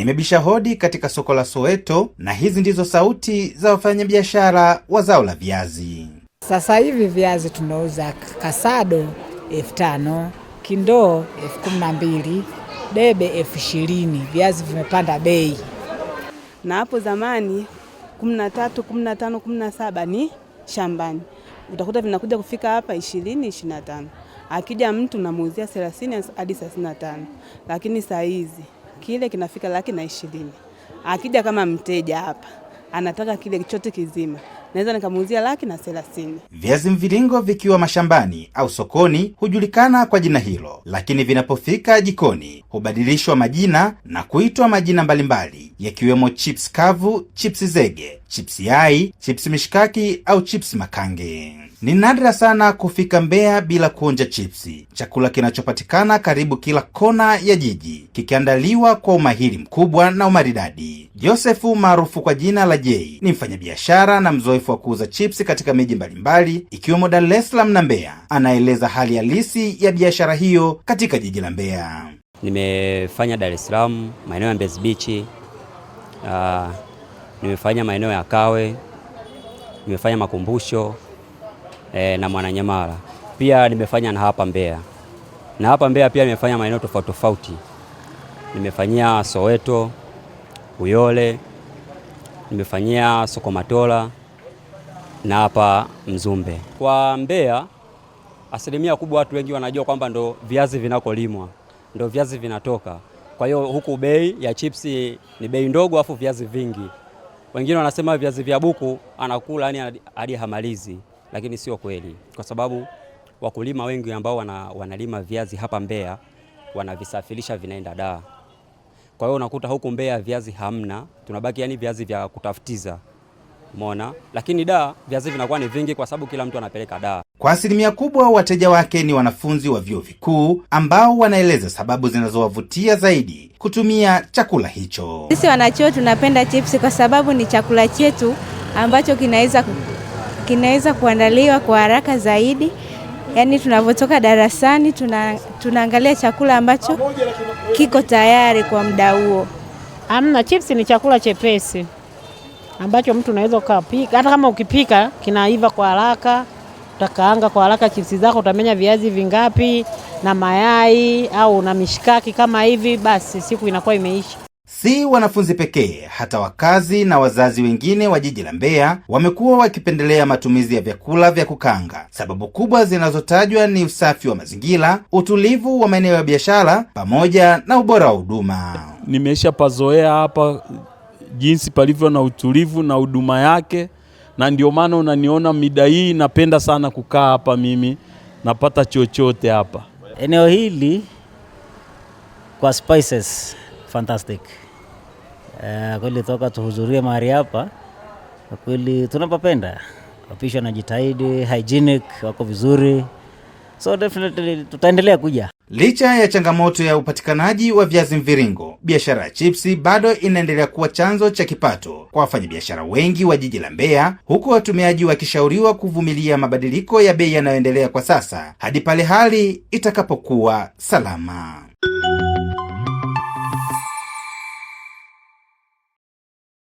Nimebisha hodi katika soko la Soweto na hizi ndizo sauti za wafanyabiashara wa zao la viazi. Sasa hivi viazi tunauza kasado elfu tano, kindoo elfu kumi na mbili, debe elfu ishirini. Viazi vimepanda bei, na hapo zamani kumi na tatu, kumi na tano, kumi na saba ni shambani, utakuta vinakuja kufika hapa ishirini, ishirini na tano. Akija mtu namuuzia thelathini hadi thelathini na tano, lakini saa hizi kile kinafika laki na ishirini. Akija kama mteja hapa anataka kile chote kizima, naweza nikamuuzia laki na thelathini. Viazi mviringo vikiwa mashambani au sokoni hujulikana kwa jina hilo, lakini vinapofika jikoni hubadilishwa majina na kuitwa majina mbalimbali yakiwemo chips kavu, chips zege, chips yai, chips mishikaki au chips makange. Ni nadra sana kufika Mbeya bila kuonja chipsi, chakula kinachopatikana karibu kila kona ya jiji, kikiandaliwa kwa umahiri mkubwa na umaridadi. Josefu maarufu kwa jina la Jei ni mfanyabiashara na mzoefu wa kuuza chipsi katika miji mbalimbali ikiwemo Dar es Salaam na Mbeya. Anaeleza hali halisi ya biashara hiyo katika jiji la Mbeya. Nimefanya Dar es Salaam, maeneo ya Mbezi Beach, uh, nimefanya maeneo ya Kawe, nimefanya Makumbusho e, na Mwananyamala. Pia nimefanya na hapa Mbeya, na hapa Mbeya pia nimefanya maeneo tofauti tofauti, nimefanyia Soweto, Uyole, nimefanyia Sokomatola na hapa Mzumbe. Kwa Mbeya, asilimia kubwa watu wengi wanajua kwamba ndo viazi vinakolimwa ndo viazi vinatoka. Kwa hiyo huku bei ya chipsi ni bei ndogo, afu viazi vingi. Wengine wanasema viazi vya buku anakula yani hadi hamalizi lakini sio kweli, kwa sababu wakulima wengi ambao wana, wanalima viazi hapa Mbeya wanavisafirisha vinaenda Dar. Kwa hiyo unakuta huku Mbeya viazi hamna, tunabaki yani viazi vya kutafutiza Mona, lakini da viazi vinakuwa ni vingi kwa sababu kila mtu anapeleka da. Kwa asilimia kubwa wateja wake ni wanafunzi wa vyuo vikuu ambao wanaeleza sababu zinazowavutia zaidi kutumia chakula hicho. Sisi wanachuo tunapenda chipsi kwa sababu ni chakula chetu ambacho kinaweza kinaweza kuandaliwa kwa haraka zaidi. Yaani tunavyotoka darasani tuna, tunaangalia chakula ambacho kiko tayari kwa muda huo. Amna chips ni chakula chepesi ambacho mtu unaweza ukapika, hata kama ukipika kinaiva kwa haraka, utakaanga kwa haraka chipsi zako, utamenya viazi vingapi na mayai au na mishikaki kama hivi, basi siku inakuwa imeisha. Si wanafunzi pekee, hata wakazi na wazazi wengine wa jiji la Mbeya wamekuwa wakipendelea matumizi ya vyakula vya kukanga. Sababu kubwa zinazotajwa ni usafi wa mazingira, utulivu wa maeneo ya biashara, pamoja na ubora wa huduma. nimeisha pazoea hapa jinsi palivyo na utulivu na huduma yake, na ndio maana unaniona mida hii napenda sana kukaa hapa. Mimi napata chochote hapa eneo hili kwa spices fantastic. Uh, kweli toka tuhudhurie mahali hapa kweli tunapapenda, wapishi wanajitahidi, hygienic wako vizuri, so definitely tutaendelea kuja. Licha ya changamoto ya upatikanaji wa viazi mviringo, biashara ya chipsi bado inaendelea kuwa chanzo cha kipato kwa wafanyabiashara wengi wa jiji la Mbeya, huku watumiaji wakishauriwa kuvumilia mabadiliko ya bei yanayoendelea kwa sasa hadi pale hali itakapokuwa salama.